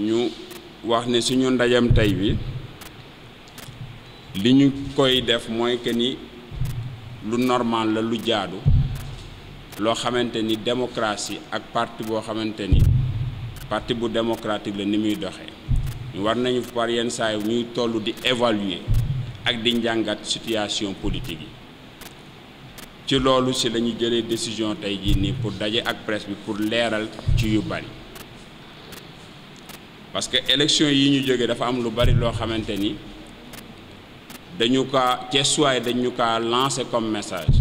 ñu wax ne suñu ndajam tey bi li ñu koy def mooy que ni lu normal la lu jaadu loo xamante ni démocratie ak parti boo xamante ni parti bu démocratique la ni muy doxee ñu war nañu par yenn saa yi ñuy toll di évaluer ak di njàngat situation politique yi ci loolu si la jëlee décision tey jii nii pour daje ak presse bi pour leeral ci yu bari parce que élection yi ñu jóge dafa am lu bari loo xamante ni dañu kaa Thiessois dañu kaa lancé comme message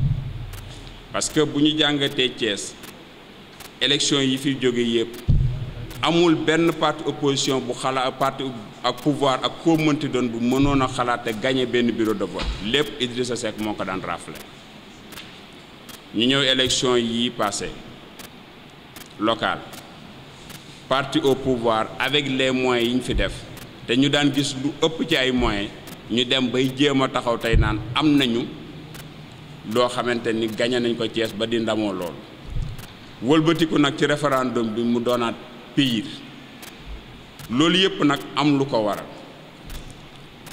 parce que bu ñu jàngatee Thiès élection yi fi jóge yépp amul benn parti opposition bu xalaat parti ak pouvoir ak koo mënti doon bu mënoon a xalaat te gagné benn biro de vote lépp Idrissa Seck moo ko daan rafle ñu ñëw élection yi passé local parti au pouvoir avec les moyens yi ñu fi def te ñu daan gis lu ëpp ci ay moyens ñu dem bay jéem a taxaw tey naan am nañu loo xamante ni gañe nañ ko Thiès ba di ndamoo loolu wëlbatiku nag ci référendum bi mu doonaat pire loolu yëpp nag am lu ko waral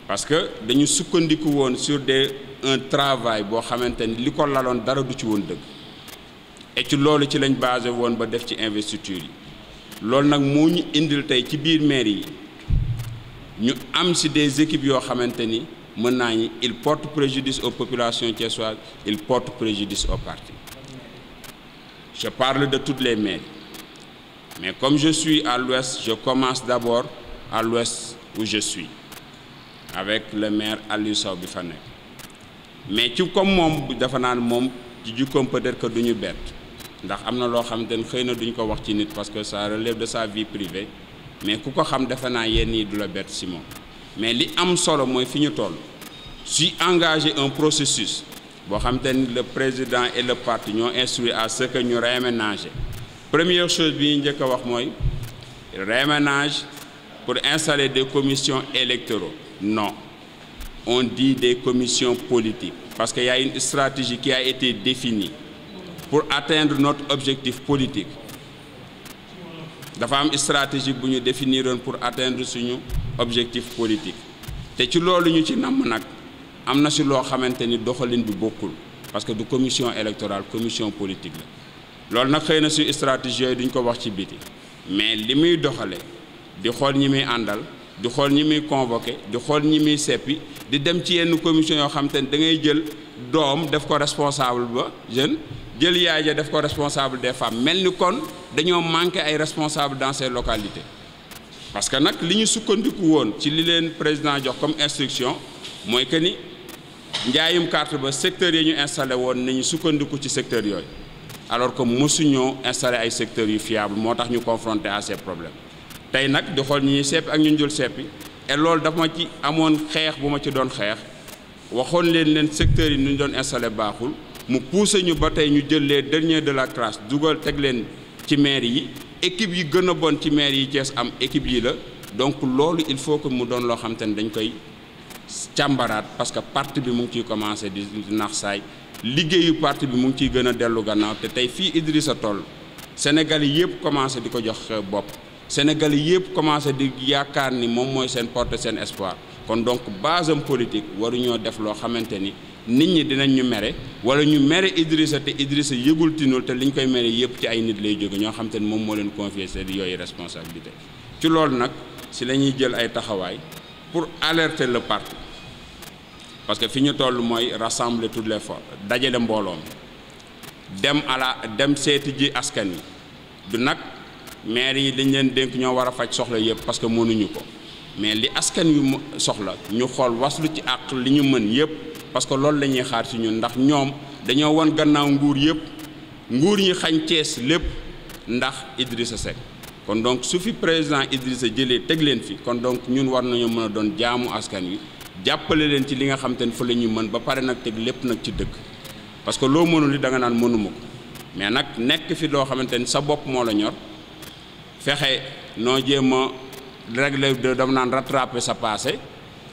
parce que dañu sukkandiku woon sur des un travail boo xamante ni li ko laloon dara du ci woon dëgg et ci loolu ci lañ basé woon ba def ci investiture yi loolu nag moo ñu indil tey ci biir maire yi ñu am si des équipes yoo xamante ni mën naa ñi il porte préjudice aux populations thiessoises il porte préjudice au parti je parle de toutes les mairies mais comme je suis à l'ouest je commence d'abord à l'ouest où je suis avec le maire Aliou Sow bi fa nekk mais ci comme moom dafa naan moom ci jikkoom peut-être que du ñu bett ndax am na loo xam te ne xëy na duñ ko wax ci nit parce que ça relève de sa vie privée mais ku ko xam defe naa yenn yi du la bett si mais li am solo mooy fi ñu toll su engagé un processus boo xam te ni le président et le parti ñoo instruit à ce que ñu réaménager première chose bi ñu njëkk a wax mooy réaménage pour installer des commissions électoraux non on dit des commissions politiques parce qu'il y a une stratégie qui a été définie pour atteindre notre objectif politique dafa am stratégie bu ñu définiroon pour atteindre suñu objectif politique te ci loolu ñu ci namm nag am na si loo xamante ni doxalin bi bokkul parce que du commission électorale commission politique la loolu nag xëy na su stratégie yooyu duñ ko wax ci biti mais li muy doxale di xool ñi muy àndal di xool ñi muy convoqué di xool ñi muy seppi di dem ci yenn commission yoo xam te ne da ngay jël doom def ko responsable ba jeune jël yaay ja def ko responsable des femmes mel ni kon dañoo manqué ay responsables dans ces localités parce que nag li ñu sukkandiku woon ci li leen président jox comme instruction mooy que ni njaayum carte ba secteurs yi ñu installé woon nañu sukkandiku ci secteur yooyu alors que mosuñoo installé ay secteurs yu fiable moo tax ñu confronté à ces problème tey nag di xool ñi ñuy ak ñu njul seppi et loolu dafa ma ci amoon xeex bu ma ci doon xeex waxoon leen leen secteurs yi nu ñu doon installé baaxul mu poussé ñu ba tey ñu jël dernier de la classe dugal teg leen ci maire yi équipe yi gën a bon ci maire yi Thiès am équipe yi la donc loolu il faut que mu doon loo xam te ne dañ koy càmbaraat parce que parti bi mu ngi ciy commencé di nax saay liggéeyu parti bi mu ngi ciy gën a dellu gannaaw te tey fii Idrissa toll Sénégal yi yëpp commencé di ko jox bopp Sénégal yi yëpp commencé di yaakaar ni moom mooy seen porte seen espoir kon donc base am politique waruñoo def loo xamante ni nit ñi dinañ ñu mere wala ñu mere Idrissa te Idrissa yëgul tinul te li ñu koy mere yëpp ci ay nit lay jóge ñoo xam te moom moo leen confier seen yooyu responsabilité ci loolu nag si lañuy jël ay taxawaay pour alerter le parti parce que fi ñu toll mooy rassembler toutes les forces dajale mbooloom dem ala dem seeti ji askan yi du nag maire yi dañ leen dénk ñoo war a faj soxla yëpp parce que mënuñu ko mais li askan yu soxla ñu xool waslu ci àq li ñu mën yëpp parce que loolu la ñuy xaar ci ñun ndax ñoom dañoo won gannaaw nguur yëpp nguur ñi xañ Cees lépp ndax Idrissa Seck kon donc su fi président Idrissa jëlee teg leen fi kon donc ñun war nañoo mën a doon jaamu askan wi jàppale leen ci li nga xam te ne fa la ñu mën ba pare nag teg lépp nag ci dëkk parce que loo mënul yi da nga naan mënuma ko mais nag nekk fi loo xamante ni sa bopp moo la ñor fexe noo jéem a régler dama naan rattraper sa passé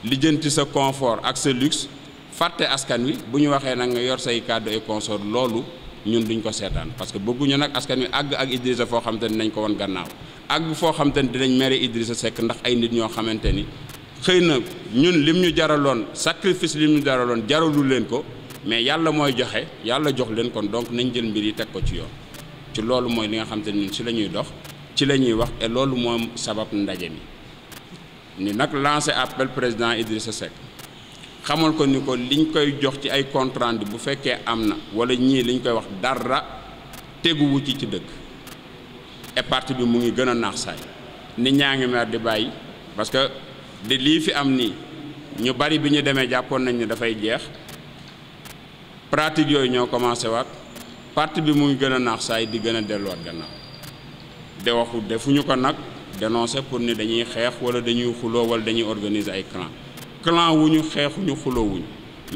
lijjanti sa confort ak sa luxe fàtte askan wi bu ñu waxee nag nga yor say kàddu ay consort loolu ñun duñ ko seetaan parce que bëgguñu nag askan wi àgg ak Idrissa foo xam te nañ ko wan gannaaw ak foo xam te ne dinañ mere Idrissa sekk ndax ay nit ñoo xamante ni xëy na ñun lim ñu jaraloon sacrifice lim ñu jaraloon jaralul leen ko mais yàlla mooy joxe yàlla jox leen kon donc nañ jël mbir yi teg ko ci yoon ci loolu mooy li nga xam ne ñun ci la ñuy dox ci la ñuy wax et loolu moom sabab ndaje mi ni nag lancé appel président Idrissa Seck. xamul ko ni ko liñ koy jox ci ay compte bu fekkee am na wala ñii liñ koy wax dara teguwu ci ci dëkk et parti bi mu ngi gën a naax saay nit ñaa ngi mer di bàyyi parce que de lii fi am nii ñu bari bi ñu demee jàppoon nañ ne dafay jeex pratique yooyu ñoo commencé waat parti bi mu ngi gën a naax saay di gën a delluwaat gannaaw de waxu defuñu ko nag dénoncé pour ni dañuy xeex wala dañuy xuloo wala dañuy organiser ay clan clan wuñu xeexuñu xuloowuñu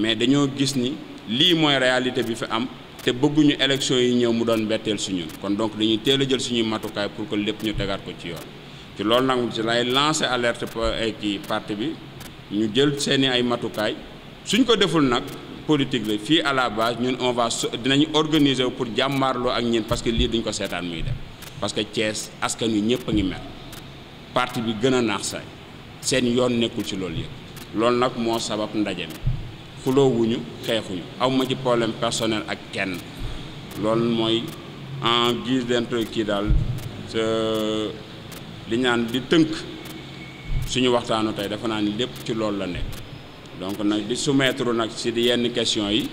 mais dañoo gis ni lii mooy réalité bi fi am te bëgguñu élection yi ñëw mu doon mbetteel suñu kon donc dañuy teel a jël suñuy matukaay pour que lépp ñu tegaat ko ci yoon ci loolu nag ci lay lancé alerte kii parti bi ñu jël seeni ay matukaay suñ ko deful nag politique la fii à la base ñun on va dinañu organiser wu pour jàmmaarloo ak ñeen parce que lii duñ ko seetaan muy dem parce que Thiès askan wi ñëpp a ngi mel parti bi gën a naax saay seen yoon nekkul ci loolu yëpp loolu nag moo sabab ndaje mi xuloowuñu xeexuñu awma ci problème personnel ak kenn loolu mooy en guise kii daal sa li ñaan di tënk suñu waxtaanu tey dafa naa ni lépp ci loolu la nekk donc nag di soumettre nag si yenn question yi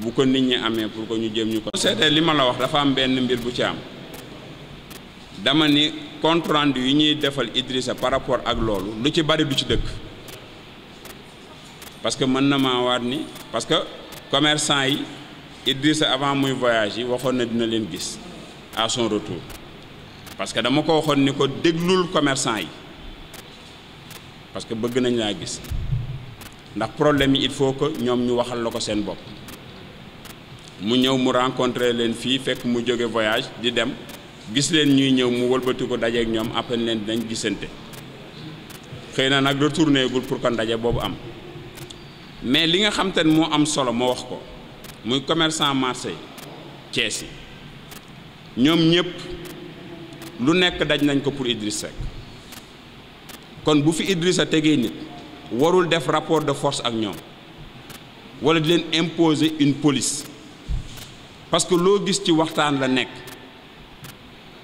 bu ko nit ñi amee pour que ñu jëm ñu ko seetee li ma la wax dafa am benn mbir bu ci am dama ni compte yu ñuy defal Idrissa par rapport ak loolu lu ci bari du ci dëkk parce que mën na maa waat ni parce que commerçant yi Idrissa avant muy voyage yi waxoon na dina leen gis à son retour parce que dama ko waxoon ni ko déglul commerçant yi parce que bëgg nañ laa gis ndax problème yi il faut ko ñoom ñu waxal la ko seen bopp mu ñëw mu rencontrer leen fii fekk mu jóge voyage di dem gis leen ñuy ñëw mu wëlbati ko dajeek ñoom appen leen dinañ gisante xëy na nag retourné gul pour que ndaje boobu am mais li nga xam ne moo am solo ma wax ko muy commerçant marché Thiès yi ñoom ñëpp lu nekk daj nañ ko pour Idriss Seck kon bu fi Idrissa tegee nit warul def rapport de force ak ñoom wala di leen imposer une police parce que loo gis ci waxtaan la nekk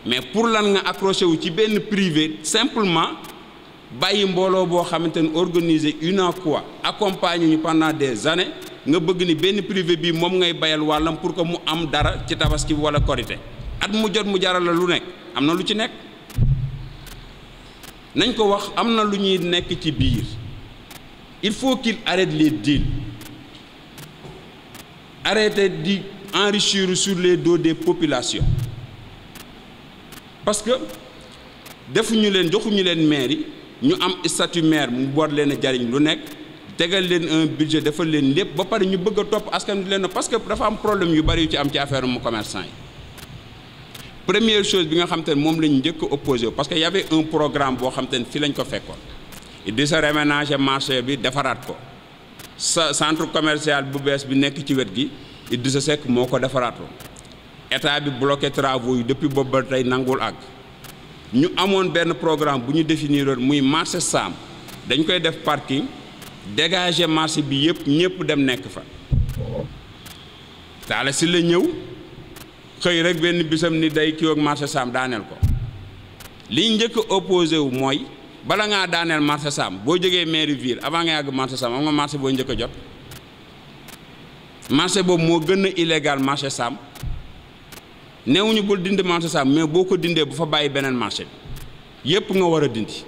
mais pour lan nga accroché wu ci benn privé simplement bàyyi mbooloo boo xamante ni organiser une fois accompagner ñu pendant des années nga bëgg ni benn privé bi moom ngay bayal wàllam pour que mu am dara ci tabaski wala korite at mu jot mu jaral la lu nekk am na lu ci nekk nañ ko wax am na lu ñuy nekk ci biir il faut qu'il arrête les deals arrêter di enrichir sur les dos des populations parce que defuñu leen joxuñu leen mairie ñu am statut maire mu war leen jariñ lu nekk tegal leen un budget defal leen lépp ba pare ñu bëgg a topp askan bi leen parce que dafa am problème yu bari ci am ci affaire mu commerçant yi première chose bi nga xam te ne moom lañ njëkk opposé parce que y avait un programme boo xam te ne fii lañ ko fekkoon di sa réménager marché bi defaraat ko sa centre commercial bu bees bi nekk ci wet gi sa Seck moo ko defaraatoon état bi bloqué travaux yi depuis boobu ba tey nanguwul àgg ñu amoon benn programme bu ñu definiiroon muy marché saam dañ koy def parking dégager marché bi yëpp ñëpp dem nekk fa taala si la ñëw xëy rek benn bisam ni day kii ak marché saam daaneel ko li njëkk a wu mooy bala ngaa daaneel marché saam boo jógee mairie ville avant nga yàgg marché saam am nga marché boo njëkk a jot marché boobu moo gën a illégal marché saam neewuñu bul dindi marché saam mais boo ko dindee bu fa bàyyi beneen marché bi yépp nga war a dindi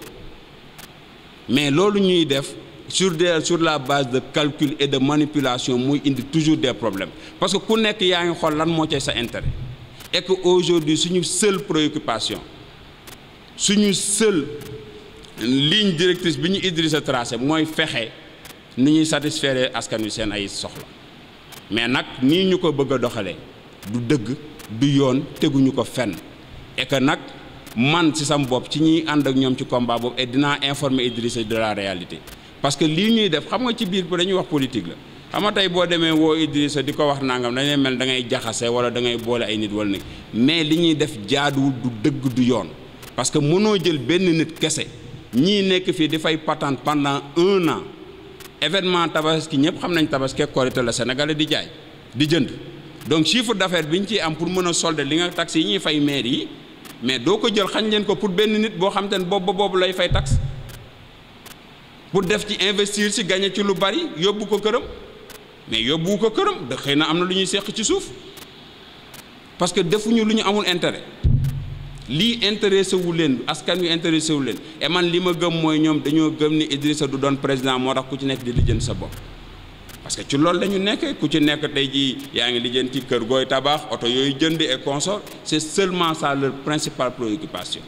mais loolu ñuy def sur de sur la base de calcul et de manipulation muy indi toujours des problème parce que ku nekk yaa ngi xool lan moo cay sa intérêt et que aujourd'hui suñu seule préoccupation suñu seule ligne directrice bi ñu Idrissa tracé mooy fexe ni ñuy satisfaire askan wi seen ay soxla mais nag nii ñu ko bëgg a doxalee du dëgg du yoon teguñu ko fenn et que nag man ci sam bopp ci ñuy ànd ak ñoom ci combat boobu et dinaa informer Idrissa de la réalité parce que lii ñuy def xam nga ci biir dañuy wax politique la xam nga tey boo demee woo Idrissa di ko wax nangam dañuy mel da ngay jaxase wala da boole ay nit wala nag mais li ñuy def jaaduwul du dëgg du yoon parce que mënoo jël benn nit kese ñii nekk fii di fay patente pendant un an événement tabaski ñëpp xam nañ tabaski Korité la di jaay di jënd. donc chiffre d'affaires bi ñu ci am pour mën a solde li nga taxe yi ñuy fay maire yi mais doo ko jël xañ leen ko pour benn nit boo xam te ne boobu ba boobu lay fay taxe pour def ci investir ci gagné ci lu bari yóbbu ko këram mais yóbbu ko këram da xëy na am na lu ñuy seq ci suuf parce que defuñu lu ñu amul intérêt lii intéressé wu leen askan wi intéressé wu leen et man li ma gëm mooy ñoom dañoo gëm ni Idrissa du doon président moo tax ku ci nekk di lijjanti sa bopp. parce que ci loolu la ñu ku ci nekk tey jii yaa ngi lijjanti kër gooy tabax oto yooyu jënd et consort c'est seulement ça leur principale préoccupation